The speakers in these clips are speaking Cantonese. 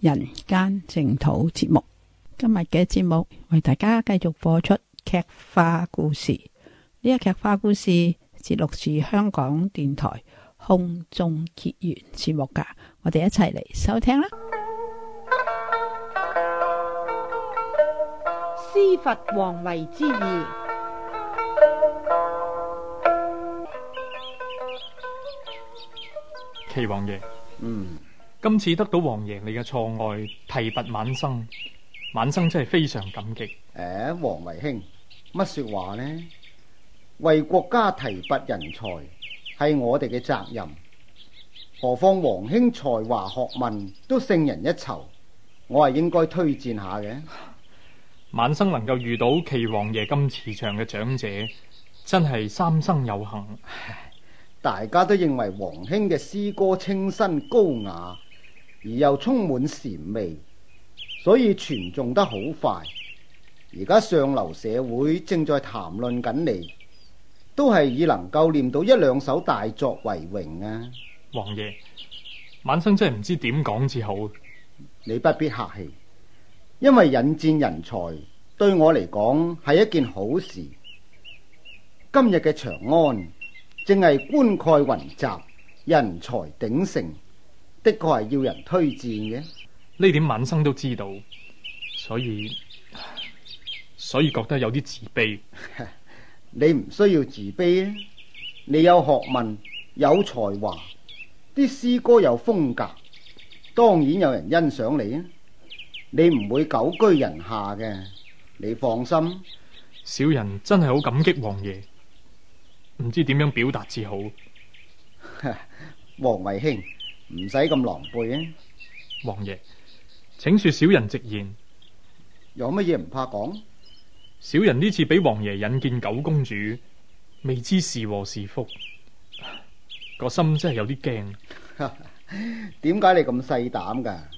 人間淨土節目，今日嘅節目為大家繼續播出劇化故事。呢、這個劇化故事節錄自香港電台空中結緣節目噶，我哋一齊嚟收聽啦。司法王位之二，嗯今次得到王爺你嘅錯愛提拔晚生，晚生真係非常感激。誒，王維兄，乜說話呢？為國家提拔人才係我哋嘅責任，何況王兄才華學問都勝人一籌，我係應該推薦下嘅。晚生能夠遇到祁王爺咁慈祥嘅長者，真係三生有幸。大家都認為王兄嘅詩歌清新高雅。而又充滿禪味，所以傳誦得好快。而家上流社會正在談論緊你，都係以能夠念到一兩首大作為榮啊！王爺，晚生真係唔知點講至好。你不必客氣，因為引薦人才對我嚟講係一件好事。今日嘅長安正係冠蓋雲集，人才鼎盛。的確係要人推薦嘅，呢點晚生都知道，所以所以覺得有啲自卑。 你唔需要自卑啊！你有學問，有才華，啲詩歌有風格，當然有人欣賞你啊！你唔會久居人下嘅，你放心。小人真係好感激王爺，唔知點樣表達至好。 王維卿。唔使咁狼狽啊！王爺，請恕小人直言，有乜嘢唔怕講？小人呢次俾王爺引見九公主，未知是禍是福，個心真係有啲驚。點解？ 你咁細膽噶？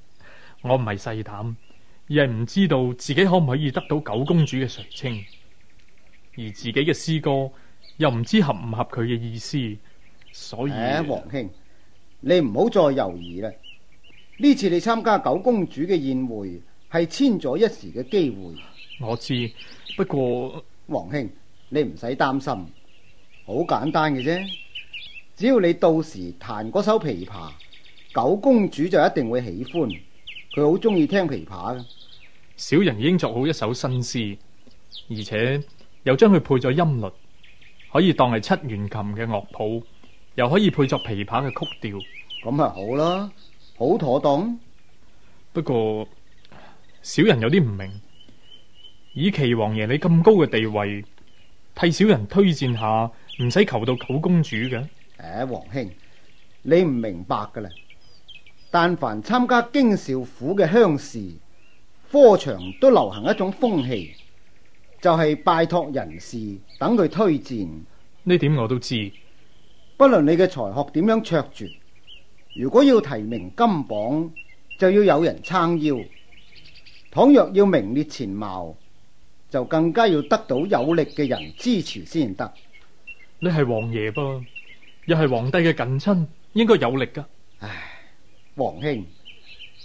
我唔係細膽，而係唔知道自己可唔可以得到九公主嘅垂青，而自己嘅詩歌又唔知合唔合佢嘅意思，所以。誒、哎，王兄。你唔好再猶豫啦！呢次你參加九公主嘅宴會，係千載一時嘅機會。我知，不過王兄，你唔使擔心，好簡單嘅啫。只要你到時彈嗰首琵琶，九公主就一定會喜歡。佢好中意聽琵琶嘅。小人已經作好一首新詩，而且又將佢配咗音律，可以當係七弦琴嘅樂譜。又可以配作琵琶嘅曲調，咁咪好啦，好妥當。不過小人有啲唔明，以祁王爺你咁高嘅地位，替小人推薦下，唔使求到九公主嘅。誒、欸，王兄，你唔明白噶啦。但凡參加京兆府嘅鄉試科場，都流行一種風氣，就係、是、拜託人事等佢推薦。呢點我都知。不論你嘅才學點樣卓絕，如果要提名金榜，就要有人撐腰；倘若要名列前茅，就更加要得到有力嘅人支持先得。你係王爺噃，又係皇帝嘅近親，應該有力㗎。唉，王兄，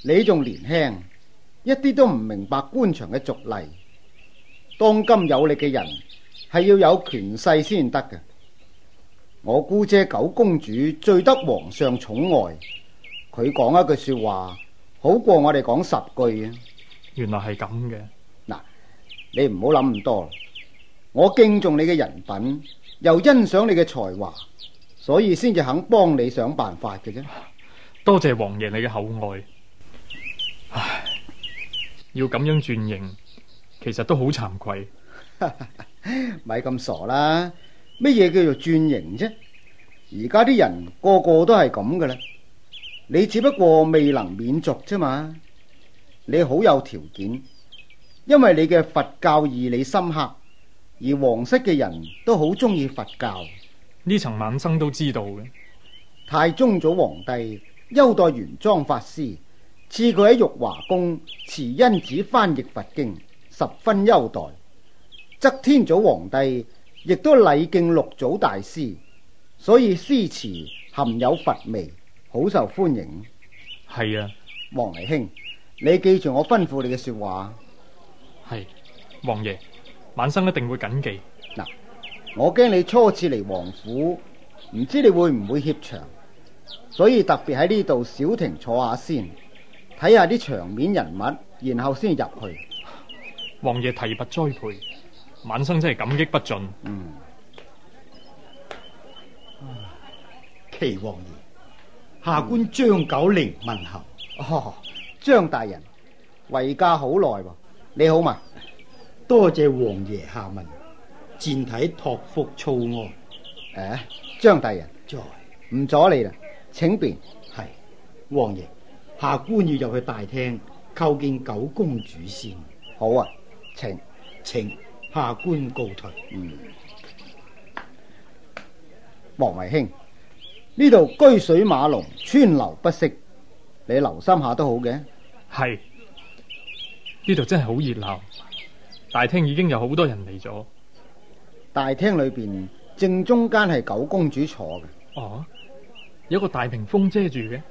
你仲年輕，一啲都唔明白官場嘅俗例。當今有力嘅人，係要有權勢先得嘅。我姑姐九公主最得皇上寵愛，佢講一句說話好過我哋講十句啊！原來係咁嘅。嗱，你唔好諗咁多，我敬重你嘅人品，又欣賞你嘅才華，所以先至肯幫你想辦法嘅啫。多謝王爺你嘅厚愛。唉，要咁樣轉型，其實都好慚愧。咪咁 傻啦！咩嘢叫做轉型啫？而家啲人個個都係咁嘅啦，你只不過未能免俗啫嘛。你好有條件，因為你嘅佛教義理深刻，而皇室嘅人都好中意佛教。呢層晚生都知道嘅。太宗祖皇帝優待玄奘法師，賜佢喺玉華宮慈恩寺翻譯佛經，十分優待。則天祖皇帝。亦都禮敬六祖大師，所以詩詞含有佛味，好受歡迎。係啊，王維兄，你記住我吩咐你嘅說話。係，王爺，晚生一定會謹記。嗱，我驚你初次嚟王府，唔知你會唔會怯場，所以特別喺呢度小停坐下先，睇下啲場面人物，然後先入去。王爺提拔栽培。晚生真係感激不盡。嗯，祁王爺，下官張九齡問候。嗯、哦，張大人，維家好耐喎。你好嘛？多謝王爺下問，賤體託福，粗安。誒、啊，張大人在？唔阻你啦，請便。係王爺，下官要入去大廳叩見九公主先。好啊，請，請。下官告退。嗯，王維興，呢度居水馬龍，川流不息，你留心下都好嘅。係，呢度真係好熱鬧。大廳已經有好多人嚟咗。大廳裏邊正中間係九公主坐嘅。哦，有一個大屏風遮住嘅。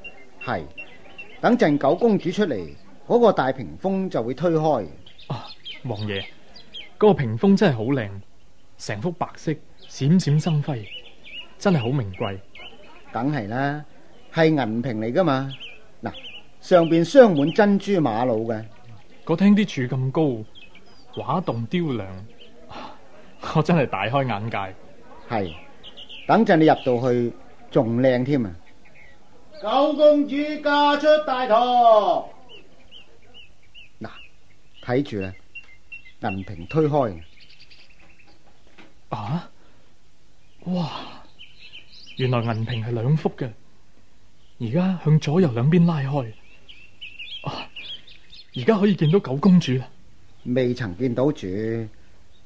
係，等陣九公主出嚟，嗰個大屏風就會推開。啊、哦，王爺。嗰個屏風真係好靚，成幅白色，閃閃生輝，真係好名貴。梗係啦，係銀屏嚟噶嘛。嗱，上邊鑲滿珍珠瑪瑙嘅。嗰廳啲柱咁高，畫棟雕梁，我真係大開眼界。係，等陣你入到去仲靚添啊！九公主嫁出大堂，嗱，睇住啦。銀屏推開啊！哇，原來銀屏係兩幅嘅，而家向左右兩邊拉開。哦、啊，而家可以見到九公主，未曾見到住，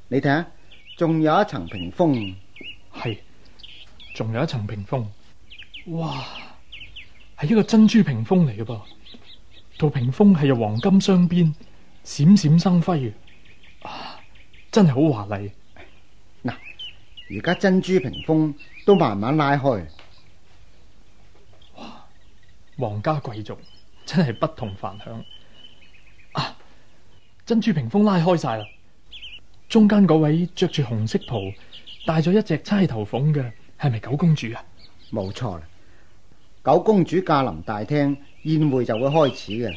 你睇下，仲有一層屏風，係仲有一層屏風。哇，係一個珍珠屏風嚟嘅噃，套屏風係由黃金鑲邊，閃閃生輝嘅。真係好華麗！嗱，而家珍珠屏風都慢慢拉開，哇！皇家貴族真係不同凡響啊！珍珠屏風拉開晒啦，中間嗰位着住紅色袍、戴咗一隻釵頭鳳嘅，係咪九公主啊？冇錯啦！九公主駕臨大廳，宴會就會開始嘅。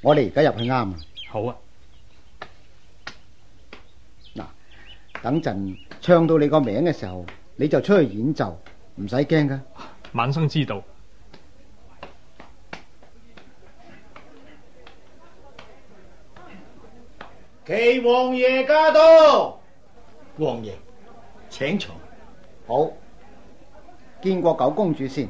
我哋而家入去啱啊！好啊！等陣唱到你個名嘅時候，你就出去演奏，唔使驚㗎。晚生知道。祁王爺駕到。王爺，請坐。好，見過九公主先。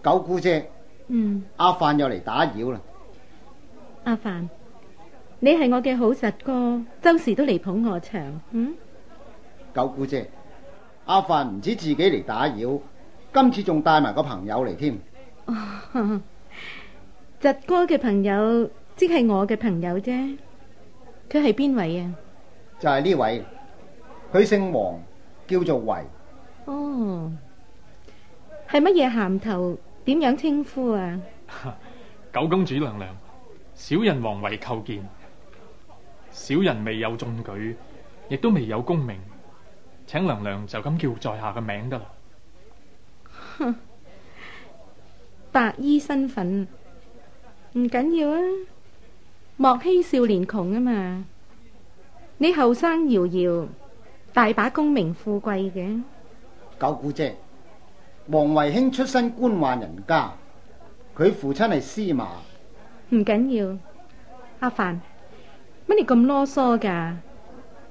九姑姐。嗯。阿范又嚟打擾啦。阿范。你係我嘅好侄哥，周時都嚟捧我場，嗯？九姑姐，阿范唔止自己嚟打擾，今次仲帶埋個朋友嚟添。哦。侄哥嘅朋友，即係我嘅朋友啫。佢係邊位啊？就係呢位，佢姓王，叫做維。哦，係乜嘢銜頭？點樣稱呼啊？ 九公主娘娘，小人王維叩見。小人未有中舉，亦都未有功名，請娘娘就咁叫在下嘅名得啦。哼，白衣身份唔緊要啊，莫欺少年窮啊嘛！你後生遙遙，大把功名富貴嘅。九姑姐，王維興出身官宦人家，佢父親係司馬。唔緊要，阿凡。你咁囉嗦噶？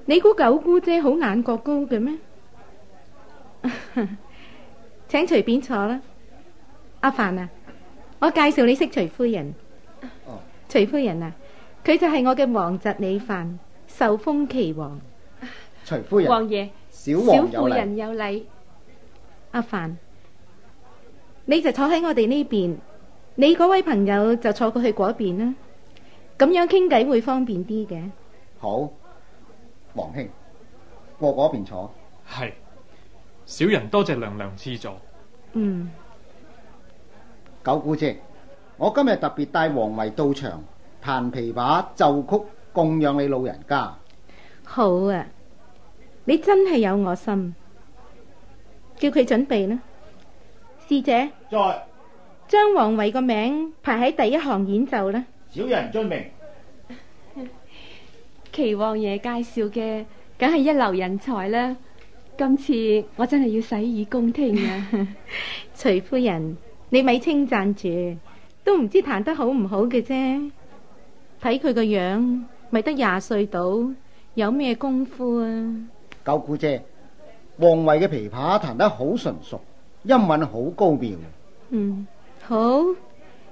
你估九姑姐好眼角高嘅咩？ 請隨便坐啦。阿範啊，我介紹你識徐夫人。哦。徐夫人啊，佢就係我嘅王侄李範，受封岐王。徐夫人。王爺。小王有禮。小婦人有禮。阿範，你就坐喺我哋呢邊，你嗰位朋友就坐過去嗰邊啦。咁樣傾偈會方便啲嘅。好，王兄，過我嗰邊坐。係，小人多謝娘娘賜助。嗯。九姑姐，我今日特別帶王維到場，彈琵琶、奏曲，供養你老人家。好啊，你真係有我心。叫佢準備啦。侍者。在。將王維個名排喺第一行演奏啦。小人遵命。祁王爺介紹嘅，梗係一流人才啦！今次我真係要洗耳恭聽啊！ 徐夫人，你咪稱讚住，都唔知彈得好唔好嘅啫。睇佢個樣，咪得廿歲到，有咩功夫啊？九姑姐，王維嘅琵琶彈得好純熟，音韻好高妙。嗯，好，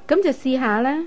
咁就試下啦。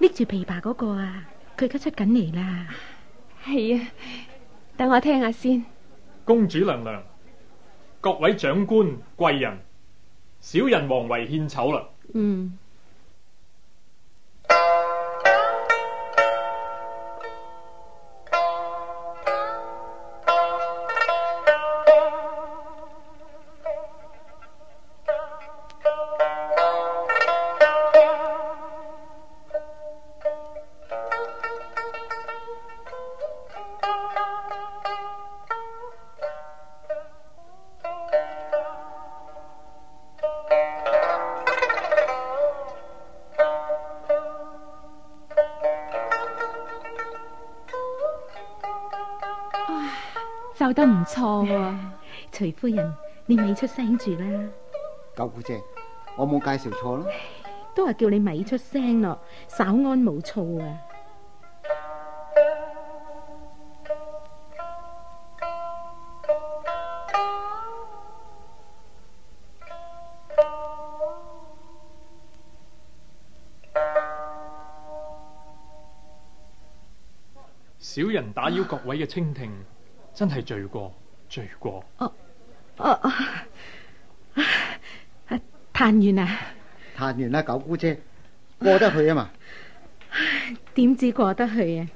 拎住琵琶嗰個啊，佢而家出緊嚟啦。係 啊，等我聽下先。公主娘娘，各位長官貴人，小人王為獻醜啦。嗯。覺得唔錯喎，徐夫人，你咪出聲住啦！九姑姐，我冇介紹錯咯，都係叫你咪出聲咯，稍安無躁啊！小人打擾各位嘅傾聽。真係罪過，罪過！哦哦哦，彈、啊、完啦，彈完啦，九姑姐過得去啊嘛？點知過得去啊？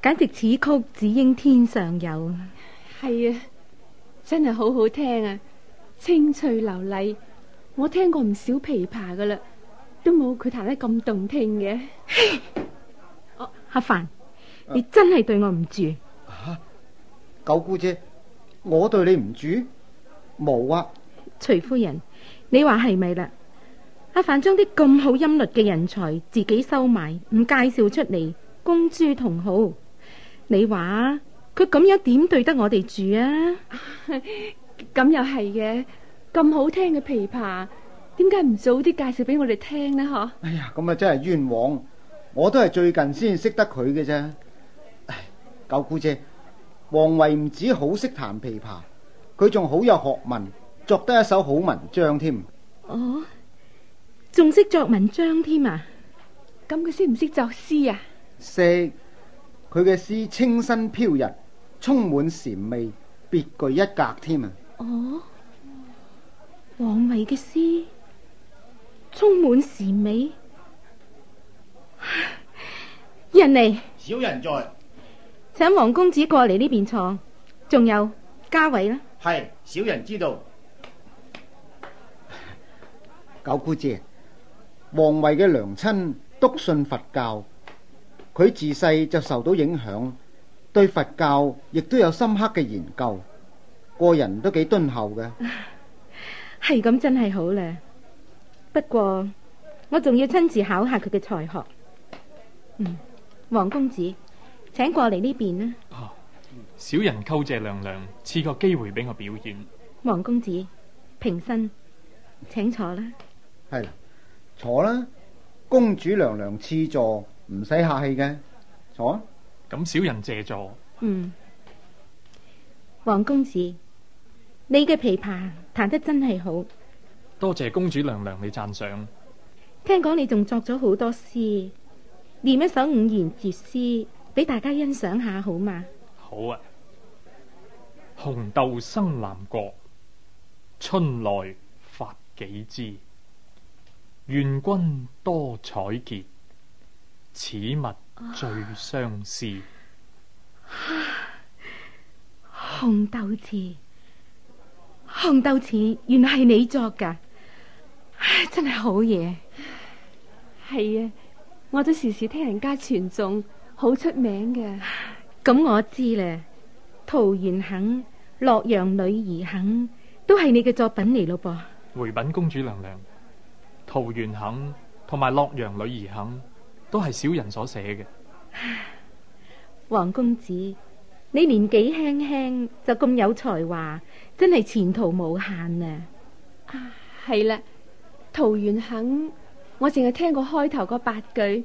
簡直此曲只應天上有，係啊，真係好好聽啊，清脆流麗。我聽過唔少琵琶噶啦,都冇佢彈得咁動聽嘅。阿、啊啊、凡，啊、你真係對我唔住。九姑姐，我對你唔住，冇啊！徐夫人，你話係咪啦？阿凡將啲咁好音律嘅人才自己收埋，唔介紹出嚟公諸同好，你話佢咁樣點對得我哋住啊？咁又係嘅，咁好聽嘅琵琶，點解唔早啲介紹俾我哋聽呢？嗬！哎呀，咁啊真係冤枉，我都係最近先識得佢嘅啫，唉，九姑姐。王維唔止好識彈琵琶，佢仲好有學問，作得一手好文章添。哦，仲識作文章添啊？咁佢識唔識作詩啊？識，佢嘅詩清新飄逸，充滿禪味，別具一格添啊！哦，王維嘅詩充滿禪味，人嚟。小人在。請王公子過嚟呢邊坐，仲有嘉偉啦。係，小人知道。九姑姐，王慧嘅娘親篤信佛教，佢自細就受到影響，對佛教亦都有深刻嘅研究，個人都幾敦厚嘅。係咁真係好咧，不過我仲要親自考下佢嘅才學。嗯，王公子。請過嚟呢邊啦！哈，小人叩謝娘娘賜個機會俾我表演。王公子，平身，請坐啦。係啦，坐啦。公主娘娘賜座，唔使客氣嘅，坐。咁小人借座。嗯，王公子，你嘅琵琶彈得真係好。多謝公主娘娘你讚賞。聽講你仲作咗好多詩，念一首五言絕詩俾大家欣賞下好嘛？好啊！紅豆生南國，春來發幾枝。願君多採擷，此物最相思。啊！啊，紅豆詞，紅豆詞，原來係你作嘅，真係好嘢。係啊，我都時時聽人家傳頌。好出名嘅，咁我知啦。桃園肯、洛陽女兒肯，都係你嘅作品嚟咯噃。回禀公主娘娘，桃園肯同埋洛陽女兒肯，都係小人所寫嘅。啊，王公子，你年紀輕輕就咁有才華，真係前途無限啊！啊，係啦，桃園肯，我淨係聽過開頭嗰八句。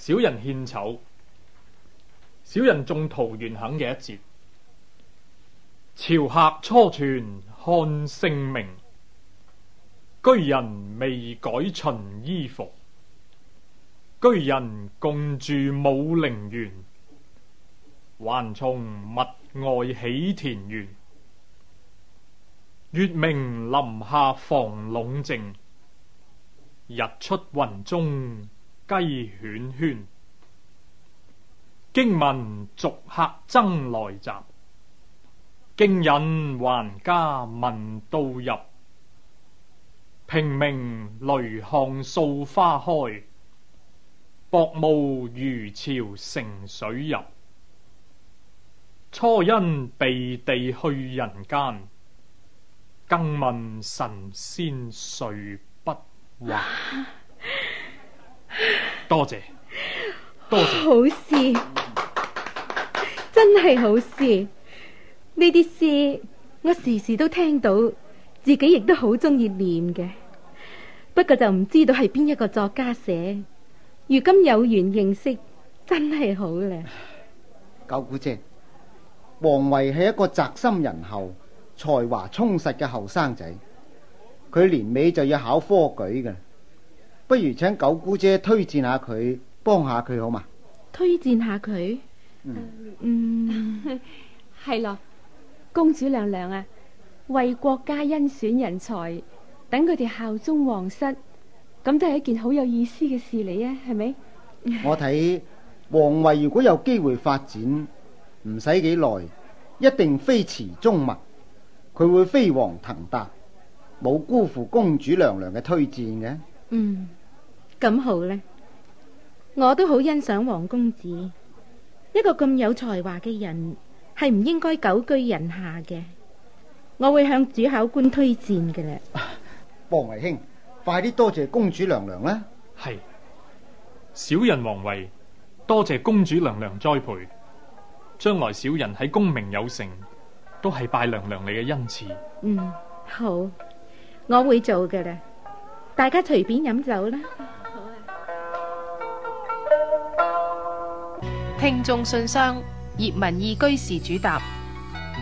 小人獻醜，小人種桃源肯嘅一節。朝客初傳漢姓名，居人未改秦衣服。居人共住武陵源，還從物外起田園。月明林下房籠靜，日出雲中，雞犬喧。驚聞逐客爭來集，驚引還家聞道入。平明雷巷掃花開，薄暮漁樵乘水入。初因避地去人間，更問神仙誰不還？多謝，多謝，好事真係好事。呢啲詩我時時都聽到，自己亦都好中意念嘅。不過就唔知道係邊一個作家寫。如今有緣認識，真係好啦。九姑姐，王維係一個宅心仁厚、才華充實嘅後生仔。佢年尾就要考科舉嘅。不如請九姑姐推薦下佢，幫下佢好嘛？推薦下佢，嗯，係咯、嗯， 公主娘娘啊，為國家恩選人才，等佢哋效忠皇室，咁都係一件好有意思嘅事嚟啊，係咪？ 我睇皇位如果有機會發展，唔使幾耐，一定非池中物，佢會飛黃騰達，冇辜負公主娘娘嘅推薦嘅。嗯。咁好咧，我都好欣賞王公子，一個咁有才華嘅人，係唔應該久居人下嘅。我會向主考官推薦嘅啦。王維兄，快啲多謝公主娘娘啦。係，小人王維，多謝公主娘娘栽培，將來小人喺功名有成，都係拜娘娘你嘅恩賜。嗯，好，我會做嘅啦。大家隨便飲酒啦。聽眾信箱，葉文義居士主答。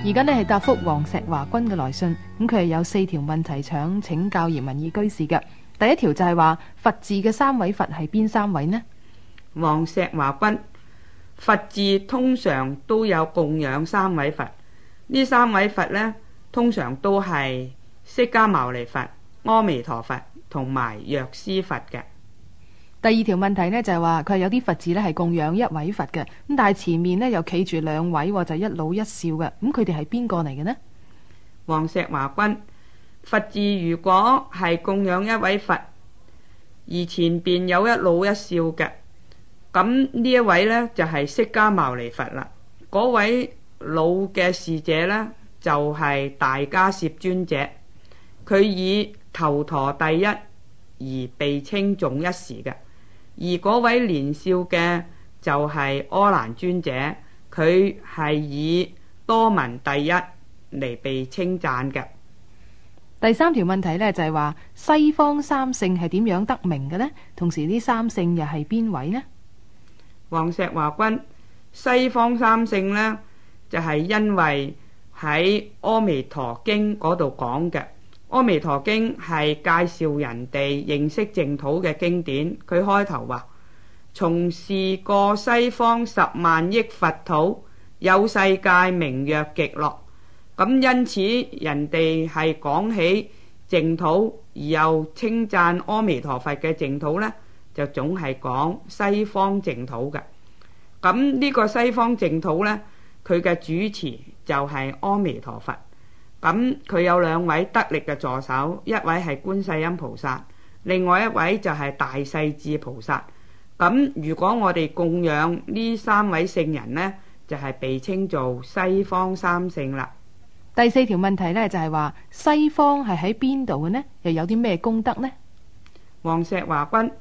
而家呢係答覆黃石華君嘅來信，咁佢係有四條問題想請教葉文義居士嘅。第一條就係話佛寺嘅三位佛係邊三位呢？黃石華君，佛寺通常都有供養三位佛，呢三位佛呢通常都係釋迦牟尼佛、阿彌陀佛同埋藥師佛嘅。第二條問題呢，就係話佢有啲佛字咧係供養一位佛嘅，咁但係前面呢，又企住兩位就一老一少嘅，咁佢哋係邊個嚟嘅呢？王石華君，佛字如果係供養一位佛，而前邊有一老一少嘅，咁呢一位呢，就係、是、釋迦牟尼佛啦。嗰位老嘅侍者呢，就係、是、大迦葉尊者，佢以頭陀第一而被稱重一時嘅。而嗰位年少嘅就係阿難尊者，佢係以多聞第一嚟被稱讚嘅。第三條問題呢，就係、是、話西方三聖係點樣得名嘅呢？同時呢三聖又係邊位呢？王石華君，西方三聖呢，就係、是、因為喺《阿彌陀經》嗰度講嘅。《阿彌陀經》係介紹人哋認識淨土嘅經典，佢開頭話：從事過西方十萬億佛土，有世界名曰極樂。咁因此，人哋係講起淨土，而又稱讚阿彌陀佛嘅淨土呢，就總係講西方淨土嘅。咁、這、呢個西方淨土呢，佢嘅主持就係阿彌陀佛。咁佢有兩位得力嘅助手，一位係觀世音菩薩，另外一位就係大勢至菩薩。咁如果我哋供養呢三位聖人呢，就係、是、被稱做西方三聖啦。第四條問題呢，就係話西方係喺邊度嘅呢？又有啲咩功德呢？黃石華君，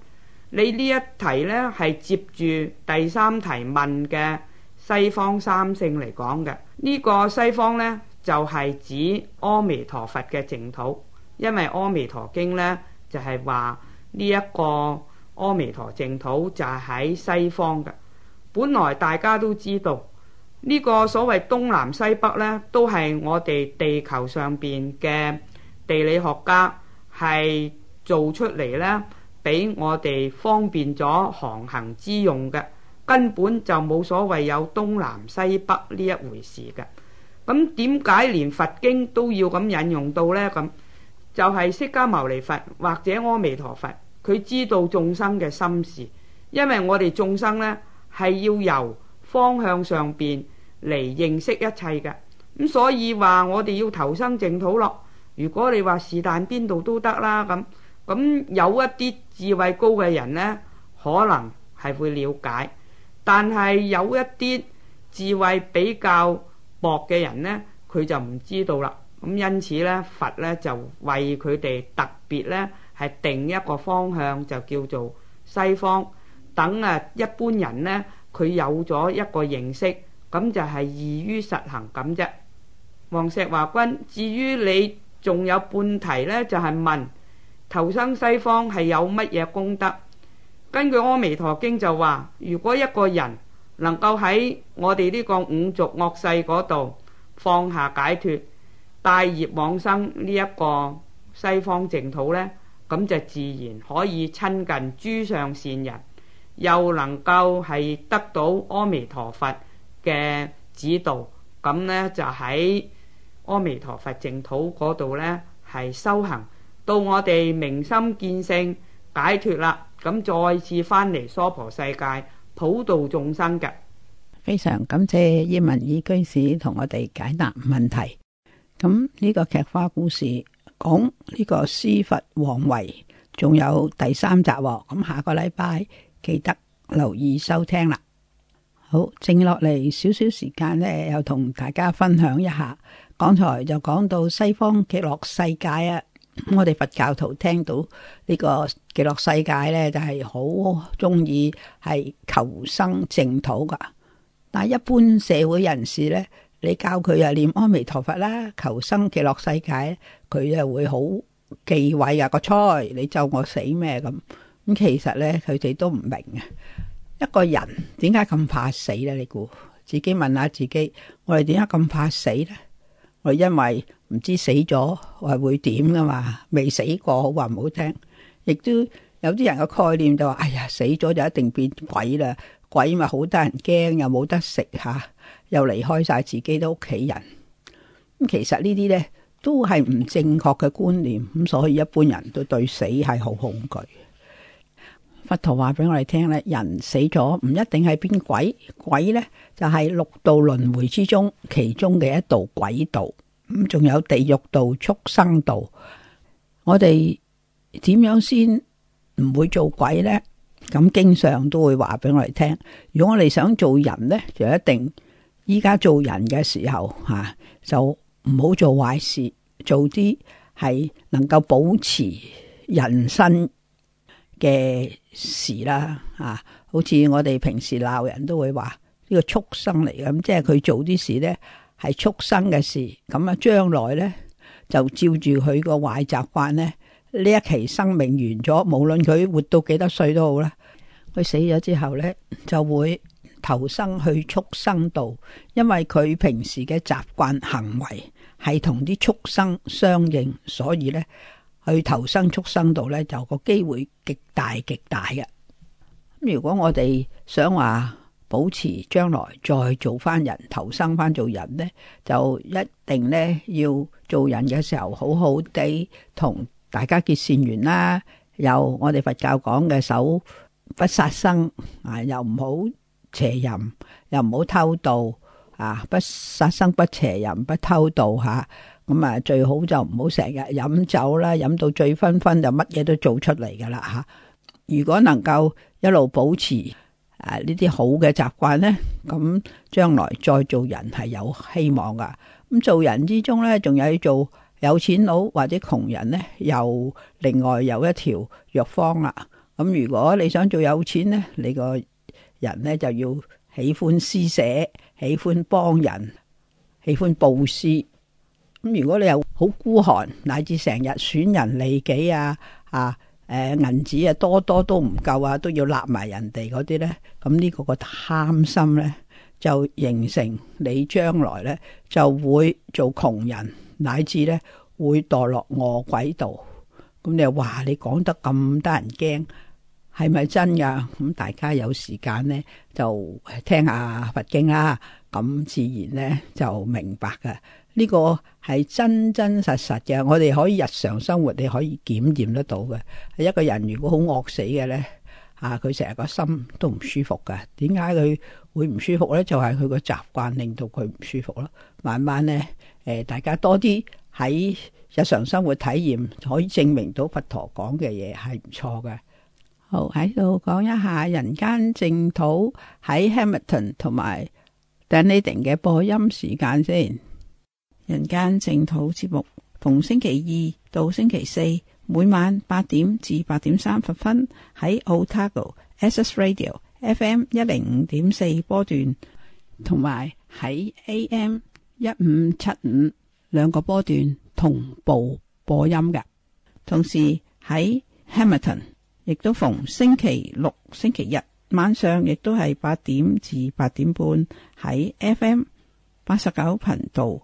你呢一題呢，係接住第三題問嘅西方三聖嚟講嘅呢個西方呢，就係指阿彌陀佛嘅淨土，因為《阿彌陀經》呢，就係話呢一個阿彌陀淨土就係喺西方嘅。本來大家都知道，呢個所謂東南西北呢，都係我哋地球上邊嘅地理學家係做出嚟呢，俾我哋方便咗航行之用嘅，根本就冇所謂有東南西北呢一回事嘅。咁點解連佛經都要咁引用到呢？咁就係釋迦牟尼佛或者阿彌陀佛，佢知道眾生嘅心事，因為我哋眾生呢係要由方向上邊嚟認識一切嘅。咁所以話我哋要投生淨土咯。如果你話是但邊度都得啦，咁咁有一啲智慧高嘅人呢，可能係會了解，但係有一啲智慧比較。薄嘅人呢，佢就唔知道啦。咁因此呢，佛呢就為佢哋特別呢，係定一個方向，就叫做西方。等啊，一般人呢，佢有咗一個認識，咁就係易於實行咁啫。黃石華君，至於你仲有半題呢，就係問：「投生西方係有乜嘢功德？」根據《阿彌陀經》就話，如果一個人能夠喺我哋呢個五濁惡世嗰度放下，解脱大業，往生呢一個西方淨土呢，咁就自然可以親近諸上善人，又能夠係得到阿彌陀佛嘅指導，咁呢，就喺阿彌陀佛淨土嗰度呢，係修行，到我哋明心見性解脱啦，咁再次返嚟娑婆世界。普度眾生㗎，非常感謝葉文爾居士同我哋解答問題。咁呢個劇化故事講呢個司佛王維，仲有第三集。咁下個禮拜記得留意收聽啦。好，剩落嚟少少時間呢，又同大家分享一下。剛才就講到西方極樂世界啊。我哋佛教徒聽到呢個極樂世界咧，就係好中意係求生淨土噶。但係一般社會人士咧，你教佢啊念阿彌陀佛啦，求生極樂世界，佢就會好忌諱啊個災，你咒我死咩咁？咁其實咧，佢哋都唔明啊。一個人點解咁怕死咧？你估自己問下自己，我哋點解咁怕死咧？我因為，唔知死咗，係會點噶嘛？未死過，好話唔好聽，亦都有啲人嘅概念就話：哎呀，死咗就一定變鬼啦！鬼咪好得人驚，又冇得食吓，又離開晒自己啲屋企人。咁其實呢啲咧都係唔正確嘅觀念。咁所以一般人都對死係好恐懼。佛陀話俾我哋聽咧，人死咗唔一定係變鬼，鬼咧就係、是、六道輪迴之中其中嘅一道鬼道。咁仲有地獄道、畜生道，我哋點樣先唔會做鬼呢？咁經常都會話俾我哋聽，如果我哋想做人呢，就一定依家做人嘅時候吓、啊，就唔好做壞事，做啲係能夠保持人身嘅事啦。啊，好似我哋平時鬧人都會話呢個畜生嚟咁，即係佢做啲事呢。」係畜生嘅事，咁啊將來咧就照住佢個壞習慣呢。呢一期生命完咗，無論佢活到幾多歲都好啦，佢死咗之後呢，就會投生去畜生道，因為佢平時嘅習慣行為係同啲畜生相應，所以呢，去投生畜生道呢，就個機會極大極大嘅。如果我哋想話，保持將來再做翻人，投生翻做人呢，就一定呢要做人嘅時候好好地同大家結善緣啦。有我哋佛教講嘅手不殺生啊，又唔好邪淫，又唔好偷盜。「啊，不殺生、不邪淫、不偷盜」，吓。咁啊，最好就唔好成日飲酒啦，飲到醉醺醺就乜嘢都做出嚟噶啦吓。如果能夠一路保持。誒，呢啲、啊、好嘅習慣呢，咁、啊、將來再做人係有希望噶。咁做人之中呢，仲有做有錢佬或者窮人呢，又另外有一條藥方啦、啊。咁、啊、如果你想做有錢呢，你個人呢就要喜歡施捨，喜歡幫人，喜歡布施。咁、啊、如果你又好孤寒，乃至成日損人利己啊，啊！誒，銀紙啊，多多都唔夠啊，都要立埋人哋嗰啲咧，咁呢個個貪心咧，就形成你將來咧就會做窮人，乃至咧會墮落餓鬼道。咁你話你講得咁得人驚，係咪真噶？咁大家有時間咧就聽下佛經啊，咁自然咧就明白噶。呢個係真真實實嘅，我哋可以日常生活你可以檢驗得到嘅。一個人如果好惡死嘅咧，啊，佢成日個心都唔舒服嘅。點解佢會唔舒服咧？就係佢個習慣令到佢唔舒服咯。慢慢咧，誒，大家多啲喺日常生活體驗，可以證明到佛陀講嘅嘢係唔錯嘅。好，喺度講一下，人間淨土喺 Hamilton 同埋 Dunedin 嘅播音時間先。《人間淨土》節目，逢星期二到星期四每晚八點至八點三十分喺 Otago Access Radio FM 一零五點四波段，同埋喺 AM 一五七五兩個波段同步播音嘅。同時喺 Hamilton 亦都逢星期六、星期日晚上，亦都係八點至八點半喺 FM 八十九頻道